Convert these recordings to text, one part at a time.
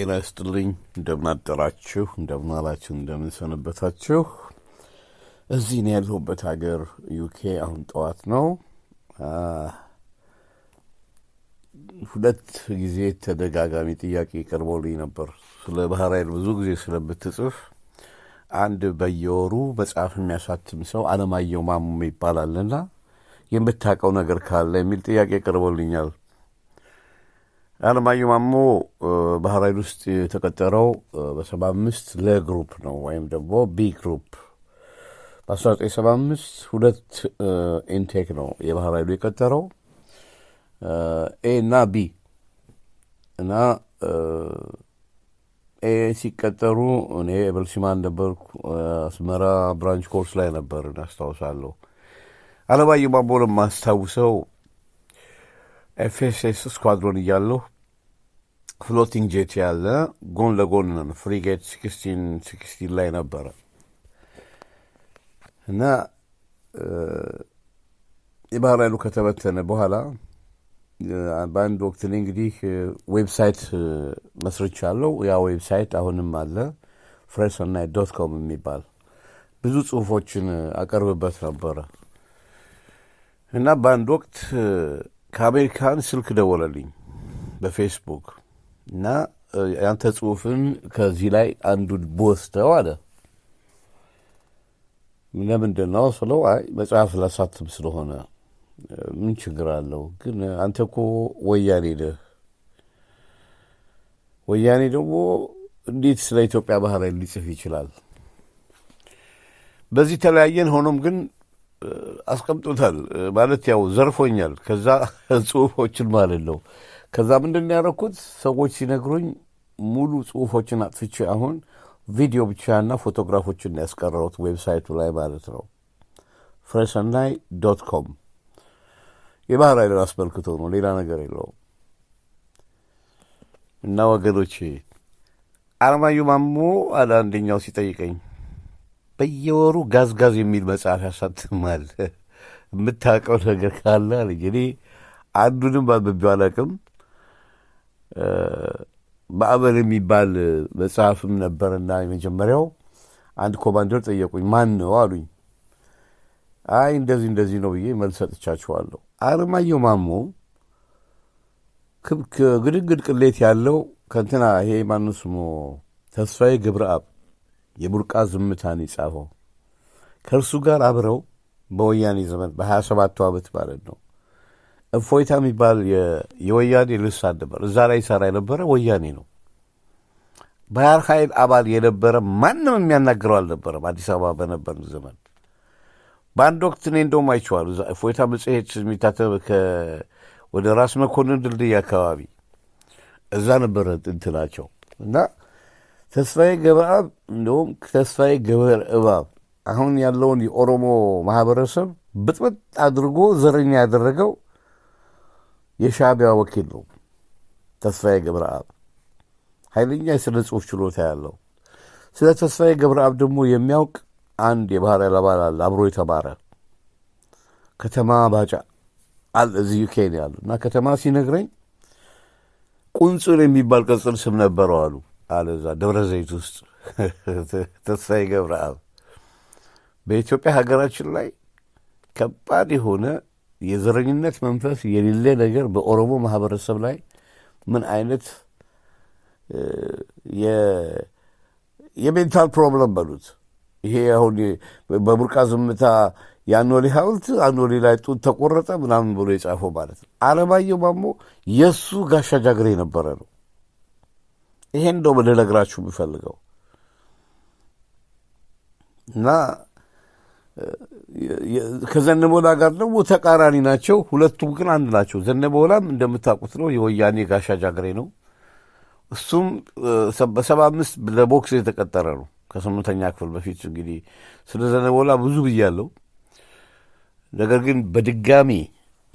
ጤና ይስጥልኝ። እንደምናደራችሁ፣ እንደምናላችሁ፣ እንደምንሰንበታችሁ። እዚህ ነው ያለሁበት ሀገር ዩኬ። አሁን ጠዋት ነው። ሁለት ጊዜ ተደጋጋሚ ጥያቄ ቀርቦልኝ ነበር። ስለ ባህር ኃይል ብዙ ጊዜ ስለምትጽፍ አንድ በየወሩ መጽሐፍ የሚያሳትም ሰው አለማየሁ ማሙ ይባላልና የምታውቀው ነገር ካለ የሚል ጥያቄ ቀርቦልኛል። አለማየሁ ማሞ ኃይል ውስጥ የተቀጠረው በሰባ አምስት ለግሩፕ ነው ወይም ደግሞ ቢ ግሩፕ በአስራ ዘጠኝ ሰባ አምስት ሁለት ኢንቴክ ነው የባህር ኃይሉ የቀጠረው ኤ እና ቢ እና ኤ ሲቀጠሩ እኔ ኤበልሲማን ነበር አስመራ ብራንች ኮርስ ላይ ነበር እናስታውሳለሁ። አለማየሁ ማሞን ማስታውሰው ኤፍኤስኤስ ስኳድሮን እያለሁ ፍሎቲንግ ጄት ያለ ጎን ለጎን ፍሪጌት ሲክስቲን ሲክስቲን ላይ ነበረ እና የባህር ኃይሉ ከተበተነ በኋላ በአንድ ወቅት እኔ እንግዲህ ዌብሳይት አለው ያ ዌብሳይት አሁንም አለ፣ ፍሬሰናይት ዶት ኮም የሚባል ብዙ ጽሁፎችን አቀርብበት ነበረ እና በአንድ ወቅት ከአሜሪካን ስልክ ደወለልኝ በፌስቡክ እና ያንተ ጽሁፍን ከዚህ ላይ አንዱን ብወስደው አለ። ለምንድን ነው ስለው፣ አይ መጽሐፍ ላሳትም ስለሆነ ምን ችግር አለው? ግን አንተ እኮ ወያኔ ነህ። ወያኔ ደግሞ እንዴት ስለ ኢትዮጵያ ባህል ሊጽፍ ይችላል? በዚህ ተለያየን። ሆኖም ግን አስቀምጦታል። ማለት ያው ዘርፎኛል። ከዛ ጽሁፎችን ማለት ነው። ከዛ ምንድን ያደረኩት ሰዎች ሲነግሩኝ ሙሉ ጽሁፎችን አጥፍቼ አሁን ቪዲዮ ብቻና ፎቶግራፎችን ያስቀረሩት ዌብሳይቱ ላይ ማለት ነው። ፍሬሰናይ ዶት ኮም የባህር ኃይልን አስመልክቶ ነው፣ ሌላ ነገር የለውም። እና ወገኖቼ አርማዩ ማሞ አለ አንደኛው ሲጠይቀኝ በየወሩ ጋዝጋዝ የሚል መጽሐፍ ያሳትማል። የምታውቀው ነገር ካለ አለኝ። እኔ አንዱንም አንብቤው አላውቅም። ማዕበል የሚባል መጽሐፍም ነበርና የመጀመሪያው አንድ ኮማንደር ጠየቁኝ። ማን ነው አሉኝ። አይ እንደዚህ እንደዚህ ነው ብዬ መልስ ሰጥቻችኋለሁ። አለማየሁ ማሞ ግድግድ ቅሌት ያለው ከንትና ይሄ ማንስሞ ተስፋዬ ገብረአብ የቡርቃ ዝምታን የጻፈው ከእርሱ ጋር አብረው በወያኔ ዘመን በ 27 ዓመት ማለት ነው እፎይታ የሚባል የወያኔ ልሳን ነበር። እዛ ላይ ይሰራ የነበረ ወያኔ ነው። ባህር ኃይል አባል የነበረ ማንም የሚያናግረው አልነበረም። አዲስ አበባ በነበር ዘመን በአንድ ወቅት እኔ እንደውም አይቼዋለሁ። እዛ እፎይታ መጽሔት የሚታተብ ወደ ራስ መኮንን ድልድይ አካባቢ እዛ ነበረ እንትናቸው እና ተስፋዬ ገብረአብ እንደውም ተስፋዬ እባብ አሁን ያለውን የኦሮሞ ማህበረሰብ ብጥብጥ አድርጎ ዘረኛ ያደረገው የሻዕቢያ ወኪል ነው። ተስፋዬ ገብረአብ ኃይለኛ የሥነ ጽሑፍ ችሎታ ያለው። ስለ ተስፋዬ ገብረአብ ደግሞ የሚያውቅ አንድ የባህር ኃይል አባል አለ፣ አብሮ የተማረ ከተማ ባጫ አለ፣ እዚህ ዩኬን ያሉ እና ከተማ ሲነግረኝ ቁንጽል የሚባል ቅጽል ስም ነበረው አሉ አለ እዛ ደብረ ዘይት ውስጥ ተስፋዬ ገብረአብ። በኢትዮጵያ ሀገራችን ላይ ከባድ የሆነ የዘረኝነት መንፈስ የሌለ ነገር በኦሮሞ ማህበረሰብ ላይ ምን አይነት የሜንታል ፕሮብለም በሉት ይሄ አሁን በቡርቃ ዝምታ የአኖሌ ሐውልት አኖሌ ላይ ጡት ተቆረጠ ምናምን ብሎ የጻፈው ማለት ነው። አለማየሁ ማሞ የእሱ ጋሻ ጃግሬ የነበረ ነው። ይሄን ነው ልነግራችሁ የሚፈልገው እና ከዘነበላ ጋር ደግሞ ተቃራኒ ናቸው። ሁለቱም ግን አንድ ናቸው። ዘነበላም እንደምታውቁት ነው የወያኔ ጋሻ ጃግሬ ነው። እሱም በሰባ አምስት ለቦክስ የተቀጠረ ነው ከስምንተኛ ክፍል በፊት እንግዲህ ስለ ዘነበላ ብዙ ብያለሁ። ነገር ግን በድጋሚ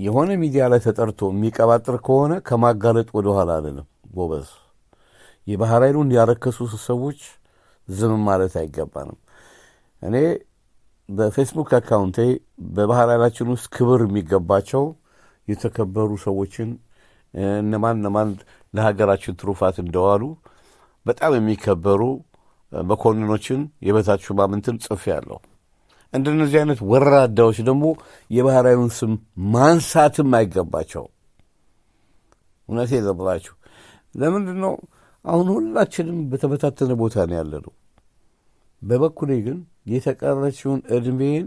የሆነ ሚዲያ ላይ ተጠርቶ የሚቀባጥር ከሆነ ከማጋለጥ ወደኋላ አለንም ጎበዝ የባህር ኃይሉን ያረከሱ ሰዎች ዝም ማለት አይገባንም። እኔ በፌስቡክ አካውንቴ በባህር ኃይላችን ውስጥ ክብር የሚገባቸው የተከበሩ ሰዎችን እነማን እነማን ለሀገራችን ትሩፋት እንደዋሉ በጣም የሚከበሩ መኮንኖችን የበታች ሹማምንትን ጽፌያለሁ። እንደነዚህ አይነት ወራዳዎች ደግሞ የባህር ኃይሉን ስም ማንሳትም አይገባቸው። እውነቴን ነው ለምንድን ነው አሁን ሁላችንም በተበታተነ ቦታ ነው ያለ ነው። በበኩሌ ግን የተቀረችውን ዕድሜን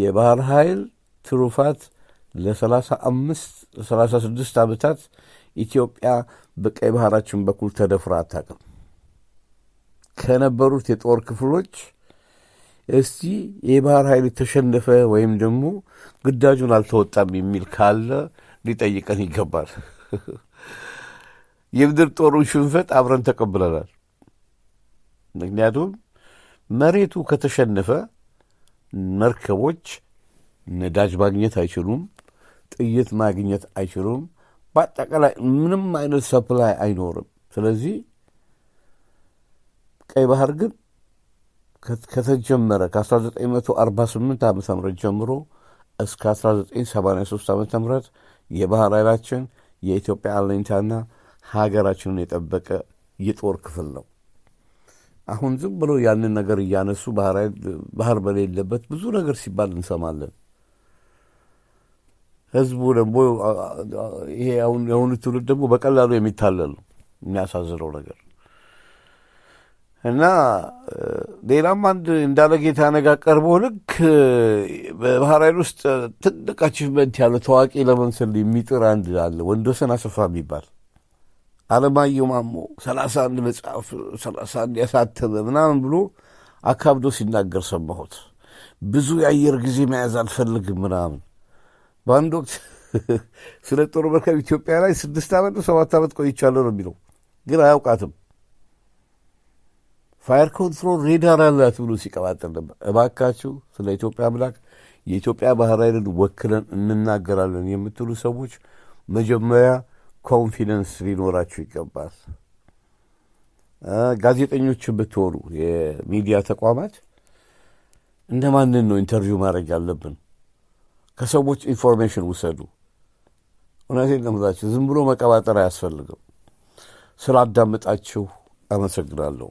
የባህር ኃይል ትሩፋት ለ36 ዓመታት ኢትዮጵያ በቀይ ባህራችን በኩል ተደፍራ አታውቅም። ከነበሩት የጦር ክፍሎች እስቲ የባህር ኃይል ተሸነፈ ወይም ደግሞ ግዳጁን አልተወጣም የሚል ካለ ሊጠይቀን ይገባል። የምድር ጦሩን ሽንፈት አብረን ተቀብለናል። ምክንያቱም መሬቱ ከተሸነፈ መርከቦች ነዳጅ ማግኘት አይችሉም፣ ጥይት ማግኘት አይችሉም። በአጠቃላይ ምንም አይነት ሰፕላይ አይኖርም። ስለዚህ ቀይ ባህር ግን ከተጀመረ ከ1948 ዓ ም ጀምሮ እስከ 1983 ዓ ም የባህር ኃይላችን የኢትዮጵያ አለኝታና ሀገራችንን የጠበቀ የጦር ክፍል ነው። አሁን ዝም ብሎ ያንን ነገር እያነሱ ባህር በሌለበት ብዙ ነገር ሲባል እንሰማለን። ህዝቡ ደግሞ ይሄ የአሁኑ ትውልድ ደግሞ በቀላሉ የሚታለል ነው። የሚያሳዝነው ነገር እና ሌላም አንድ እንዳለ ጌታ ነጋ ቀርቦ ልክ በባህር ኃይል ውስጥ ትልቅ አቺቭመንት ያለ ታዋቂ ለመምሰል የሚጥር አንድ አለ ወንዶሰን አሰፋ የሚባል አለማየሁ ማሞ ሰላሳ አንድ መጽሐፍ ሰላሳ አንድ ያሳተመ ምናምን ብሎ አካብዶ ሲናገር ሰማሁት። ብዙ የአየር ጊዜ መያዝ አልፈልግም ምናምን። በአንድ ወቅት ስለ ጦር መርከብ ኢትዮጵያ ላይ ስድስት ዓመት ሰባት ዓመት ቆይቻለሁ ነው የሚለው፣ ግን አያውቃትም። ፋየር ኮንትሮል ሬዳር አላት ብሎ ሲቀባጠል ነበር። እባካችሁ ስለ ኢትዮጵያ አምላክ የኢትዮጵያ ባህር ኃይልን ወክለን እንናገራለን የምትሉ ሰዎች መጀመሪያ ኮንፊደንስ ሊኖራችሁ ይገባል። ጋዜጠኞች ብትሆኑ የሚዲያ ተቋማት እንደ ማንን ነው ኢንተርቪው ማድረግ ያለብን? ከሰዎች ኢንፎርሜሽን ውሰዱ። እውነቴን ነው የምላችሁ፣ ዝም ብሎ መቀባጠር አያስፈልግም። ስላዳመጣችሁ አመሰግናለሁ።